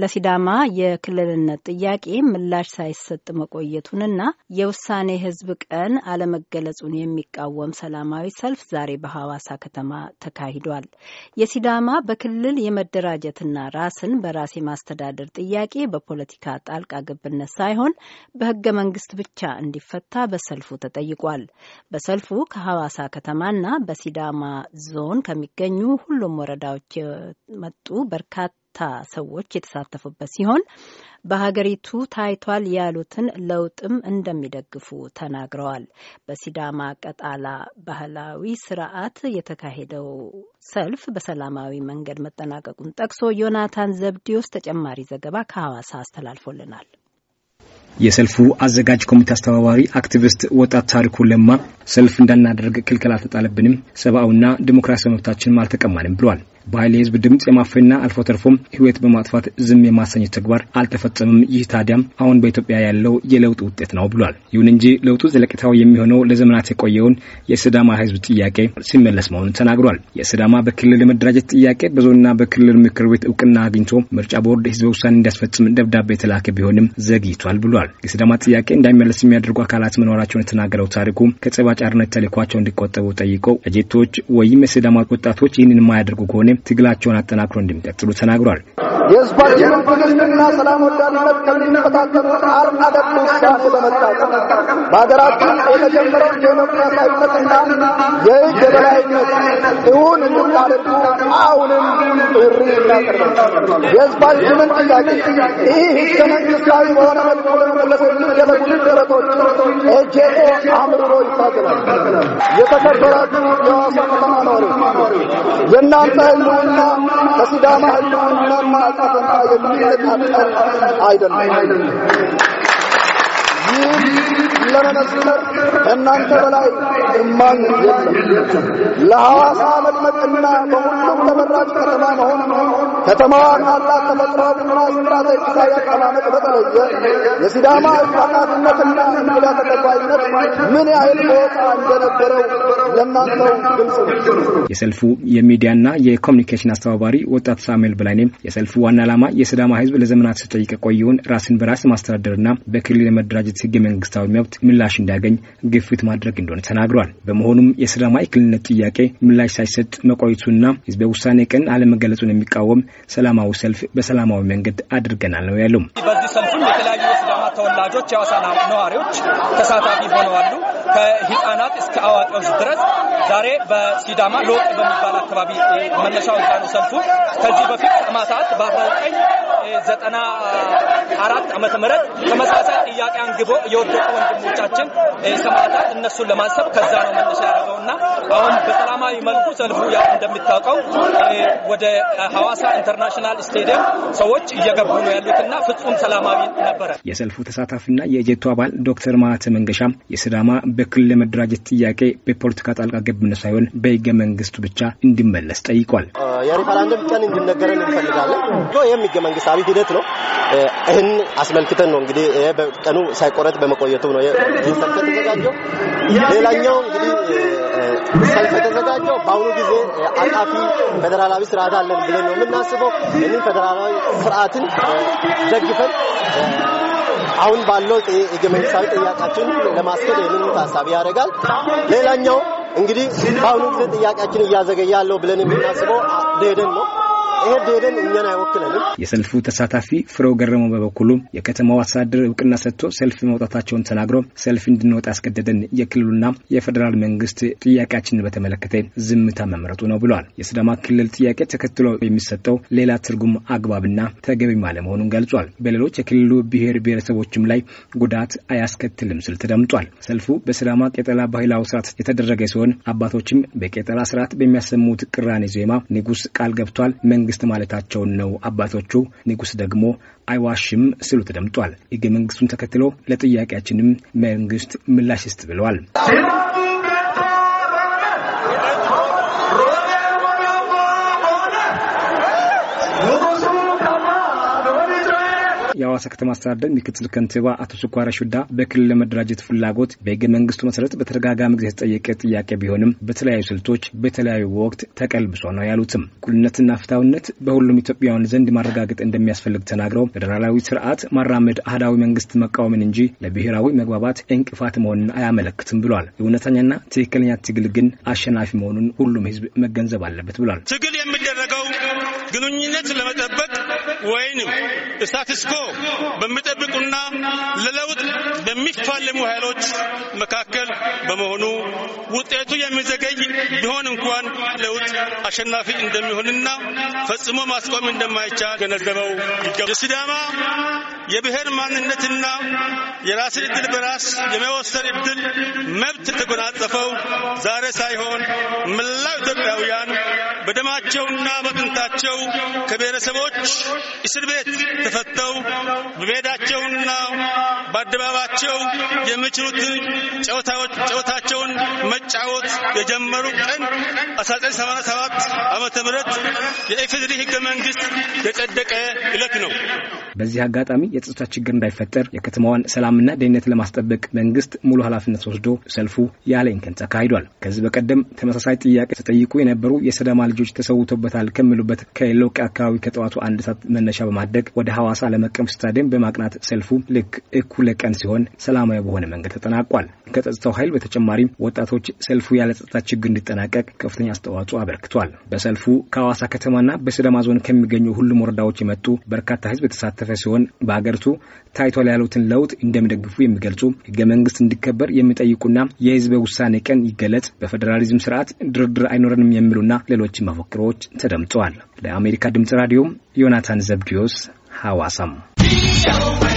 ለሲዳማ የክልልነት ጥያቄ ምላሽ ሳይሰጥ መቆየቱንና የውሳኔ ህዝብ ቀን አለመገለጹን የሚቃወም ሰላማዊ ሰልፍ ዛሬ በሐዋሳ ከተማ ተካሂዷል። የሲዳማ በክልል የመደራጀትና ራስን በራስ የማስተዳደር ጥያቄ በፖለቲካ ጣልቃ ገብነት ሳይሆን በህገ መንግስት ብቻ እንዲፈታ በሰልፉ ተጠይቋል። በሰልፉ ከሐዋሳ ከተማና በሲዳማ ዞን ከሚገኙ ሁሉም ወረዳዎች የመጡ በርካታ ሰዎች የተሳተፉበት ሲሆን በሀገሪቱ ታይቷል ያሉትን ለውጥም እንደሚደግፉ ተናግረዋል። በሲዳማ ቀጣላ ባህላዊ ስርዓት የተካሄደው ሰልፍ በሰላማዊ መንገድ መጠናቀቁን ጠቅሶ ዮናታን ዘብዲዮስ ተጨማሪ ዘገባ ከሐዋሳ አስተላልፎልናል። የሰልፉ አዘጋጅ ኮሚቴ አስተባባሪ አክቲቪስት ወጣት ታሪኩ ለማ ሰልፍ እንዳናደርግ ክልከላ አልተጣለብንም፣ ሰብአዊና ዲሞክራሲያዊ መብታችንም አልተቀማንም ብሏል። በኃይል የህዝብ ድምፅ የማፈንና አልፎ ተርፎም ህይወት በማጥፋት ዝም የማሰኘት ተግባር አልተፈጸምም። ይህ ታዲያም አሁን በኢትዮጵያ ያለው የለውጥ ውጤት ነው ብሏል። ይሁን እንጂ ለውጡ ዘለቂታዊ የሚሆነው ለዘመናት የቆየውን የስዳማ ህዝብ ጥያቄ ሲመለስ መሆኑን ተናግሯል። የስዳማ በክልል የመደራጀት ጥያቄ በዞንና በክልል ምክር ቤት እውቅና አግኝቶ ምርጫ ቦርድ ህዝበ ውሳኔ እንዲያስፈጽም ደብዳቤ የተላከ ቢሆንም ዘግይቷል ብሏል። የስዳማ ጥያቄ እንዳይመለስ የሚያደርጉ አካላት መኖራቸውን የተናገረው ታሪኩ ከጸባጫርነት ተልኳቸው እንዲቆጠቡ ጠይቀው እጀቶች ወይም የስዳማ ወጣቶች ይህንን የማያደርጉ ከሆነ ትግላቸውን አጠናክሮ እንደሚቀጥሉ ተናግሯል። የህዝባችንን ትዕግስትና ሰላም ወዳድነት ከሚፈታተኑት አርና ደግሞ በመታቀም በሀገራችን የተጀመረውን የዲሞክራሲያዊነትና የህግ የበላይነት እውን እንድታደርጉ አሁንም ጥሪ እናቀርባለን። የህዝባችንን ጥያቄ ይህ ህገ መንግስታዊ በሆነ መልኩ ለመመለስ የሚደረጉትን ጥረቶች ኤጄኦ አምርሮ ይታገላል። የተከበራችሁ የሐዋሳ ከተማ የእናንተ ህልውና ከሲዳማ I don't know. ለመመስከር ከእናንተ በላይ እማኝ የለም። ለሐዋሳ በሁሉም ተመራጭ ከተማ መሆን ከተማዋ ካላት ተፈጥሯዊና ስትራቴጂካዊ አቀማመጥ በተለየ የሲዳማ አቃቃትነትና እንግዳ ተቀባይነት ምን ያህል ቦታ እንደነበረው ለእናንተው ግልጽ ነው። የሰልፉ የሚዲያና የኮሚኒኬሽን አስተባባሪ ወጣት ሳሙኤል በላይኔም የሰልፉ ዋና ዓላማ የስዳማ ህዝብ ለዘመናት ሲጠይቅ የቆየውን ራስን በራስ ማስተዳደርና በክልል የመደራጀት ህገ መንግስታዊ መብት ምላሽ እንዲያገኝ ግፊት ማድረግ እንደሆነ ተናግሯል። በመሆኑም የሲዳማ ክልልነት ጥያቄ ምላሽ ሳይሰጥ መቆየቱና ህዝበ ውሳኔ ቀን አለመገለጹን የሚቃወም ሰላማዊ ሰልፍ በሰላማዊ መንገድ አድርገናል ነው ያለው። በዚህ ሰልፍም የተለያዩ የሲዳማ ተወላጆች፣ የአዋሳ ነዋሪዎች ተሳታፊ ሆነዋሉ። ከህፃናት እስከ አዋቂዎች ድረስ ዛሬ በሲዳማ ሎጥ በሚባል አካባቢ መነሻው ሰልፉ ከዚህ በፊት ሰማዕታት በ1990 አራት ዓመተ ምህረት ተመሳሳይ ጥያቄ አንግቦ የወደቁ ወንድሞቻችን ሰማዕታት እነሱን ለማሰብ ከዛ ነው መነሻ ያደረገውና በሰላማዊ መልኩ ሰልፉ ያው እንደምታውቀው ወደ ሐዋሳ ኢንተርናሽናል ስቴዲየም ሰዎች እየገቡ ነው ያሉትና ፍጹም ሰላማዊ ነበረ። የሰልፉ ተሳታፊና የጀቱ አባል ዶክተር ማህተ መንገሻ የሲዳማ በክልል ለመደራጀት ጥያቄ በፖለቲካ ጣልቃ ገብነት ሳይሆን በህገ መንግስቱ ብቻ እንዲመለስ ጠይቋል። የሪፈራንደም ቀን እንዲነገረን እንፈልጋለን። ይህም ህገ መንግስታዊ ሂደት ነው። ይህን አስመልክተን ነው እንግዲህ በቀኑ ሳይቆረጥ በመቆየቱ ነው ሰልፍ የተዘጋጀው። ሌላኛው እንግዲህ ሰልፍ የተዘጋጀ የምናደርገው በአሁኑ ጊዜ አቃፊ ፌዴራላዊ ስርዓት አለን ብለን ነው የምናስበው። ይህንን ፌዴራላዊ ስርዓትን ደግፈን አሁን ባለው ህገ መንግስታዊ ጥያቄያችን ለማስኬድ ይህንን ታሳቢ ያደርጋል። ሌላኛው እንግዲህ በአሁኑ ጊዜ ጥያቄያችን እያዘገየ ያለው ብለን የምናስበው ደደን ነው። እኛን አይወክለንም። የሰልፉ ተሳታፊ ፍሬው ገረመው በበኩሉ የከተማው አስተዳደር እውቅና ሰጥቶ ሰልፍ መውጣታቸውን ተናግሮ ሰልፍ እንድንወጣ ያስገደደን የክልሉና የፌዴራል መንግስት ጥያቄያችንን በተመለከተ ዝምታ መምረጡ ነው ብሏል። የስዳማ ክልል ጥያቄ ተከትሎ የሚሰጠው ሌላ ትርጉም አግባብና ተገቢ አለመሆኑን ገልጿል። በሌሎች የክልሉ ብሔር ብሔረሰቦችም ላይ ጉዳት አያስከትልም ስል ተደምጧል። ሰልፉ በስዳማ ቄጠላ ባህላዊ ስርዓት የተደረገ ሲሆን አባቶችም በቄጠላ ስርዓት በሚያሰሙት ቅራኔ ዜማ ንጉስ ቃል ገብቷል መንግስት መንግስት ማለታቸውን ነው አባቶቹ። ንጉስ ደግሞ አይዋሽም ሲሉ ተደምጧል። ሕገ መንግስቱን ተከትሎ ለጥያቄያችንም መንግስት ምላሽ ይስጥ ብለዋል። የአዋሳ ከተማ አስተዳደር ምክትል ከንቲባ አቶ ስኳራ ሹዳ በክልል ለመደራጀት ፍላጎት በህገ መንግስቱ መሰረት በተደጋጋሚ ጊዜ የተጠየቀ ጥያቄ ቢሆንም በተለያዩ ስልቶች በተለያዩ ወቅት ተቀልብሶ ነው ያሉትም እኩልነትና ፍትሐዊነት በሁሉም ኢትዮጵያውያን ዘንድ ማረጋገጥ እንደሚያስፈልግ ተናግረው ፌዴራላዊ ስርዓት ማራመድ አህዳዊ መንግስት መቃወምን እንጂ ለብሔራዊ መግባባት እንቅፋት መሆኑን አያመለክትም ብሏል። እውነተኛና ትክክለኛ ትግል ግን አሸናፊ መሆኑን ሁሉም ህዝብ መገንዘብ አለበት ብሏል። ትግል የሚደረገው ግንኙነት ለመጠበቅ ወይንም ስታትስኮ በሚጠብቁና ለለውጥ በሚፋለሙ ኃይሎች መካከል በመሆኑ ውጤቱ የሚዘገይ ቢሆን እንኳን ለውጥ አሸናፊ እንደሚሆንና ፈጽሞ ማስቆም እንደማይቻል ገነዘበው ይገባል። የሲዳማ የብሔር ማንነትና የራስን እድል በራስ የመወሰን እድል መብት የተጎናጸፈው ዛሬ ሳይሆን መላው ኢትዮጵያውያን በደማቸውና በጥንታቸው ከብሔረሰቦች እስር ቤት ተፈተው በሜዳቸውና በአደባባቸው የሚችሉትን ጨዋታቸውን መጫወት የጀመሩ ቀን 1987 ዓመተ ምህረት የኢፌዴሪ ህገ መንግስት የጸደቀ ዕለት ነው። በዚህ አጋጣሚ የጸጥታ ችግር እንዳይፈጠር የከተማዋን ሰላምና ደህንነት ለማስጠበቅ መንግስት ሙሉ ኃላፊነት ወስዶ ሰልፉ ያለኝከን ተካሂዷል። ከዚህ በቀደም ተመሳሳይ ጥያቄ ተጠይቁ የነበሩ የሰዳማ ልጆች ተሰውቶበታል ከሚሉበት ከሌሎቅ አካባቢ ከጠዋቱ አንድ ሰዓት መነሻ በማድረግ ወደ ሐዋሳ ለመቀም ስታዲየም በማቅናት ሰልፉ ልክ እኩለ ቀን ሲሆን ሰላማዊ በሆነ መንገድ ተጠናቋል። ከጸጥታው ኃይል በተጨማሪም ወጣቶች ሰልፉ ያለ ጸጥታ ችግር እንዲጠናቀቅ ከፍተኛ አስተዋጽኦ አበርክቷል። በሰልፉ ከሐዋሳ ከተማና በሲዳማ ዞን ከሚገኙ ሁሉም ወረዳዎች የመጡ በርካታ ህዝብ የተሳተፈ ሲሆን በአገሪቱ ታይቷል ያሉትን ለውጥ እንደሚደግፉ የሚገልጹ ህገ መንግስት እንዲከበር የሚጠይቁና የህዝበ ውሳኔ ቀን ይገለጽ፣ በፌዴራሊዝም ስርዓት ድርድር አይኖረንም የሚሉና ሌሎች መፈክሮች ተደምጠዋል። ለአሜሪካ ድምጽ ራዲዮ ዮናታን ዘብዲዮስ ሐዋሳም Show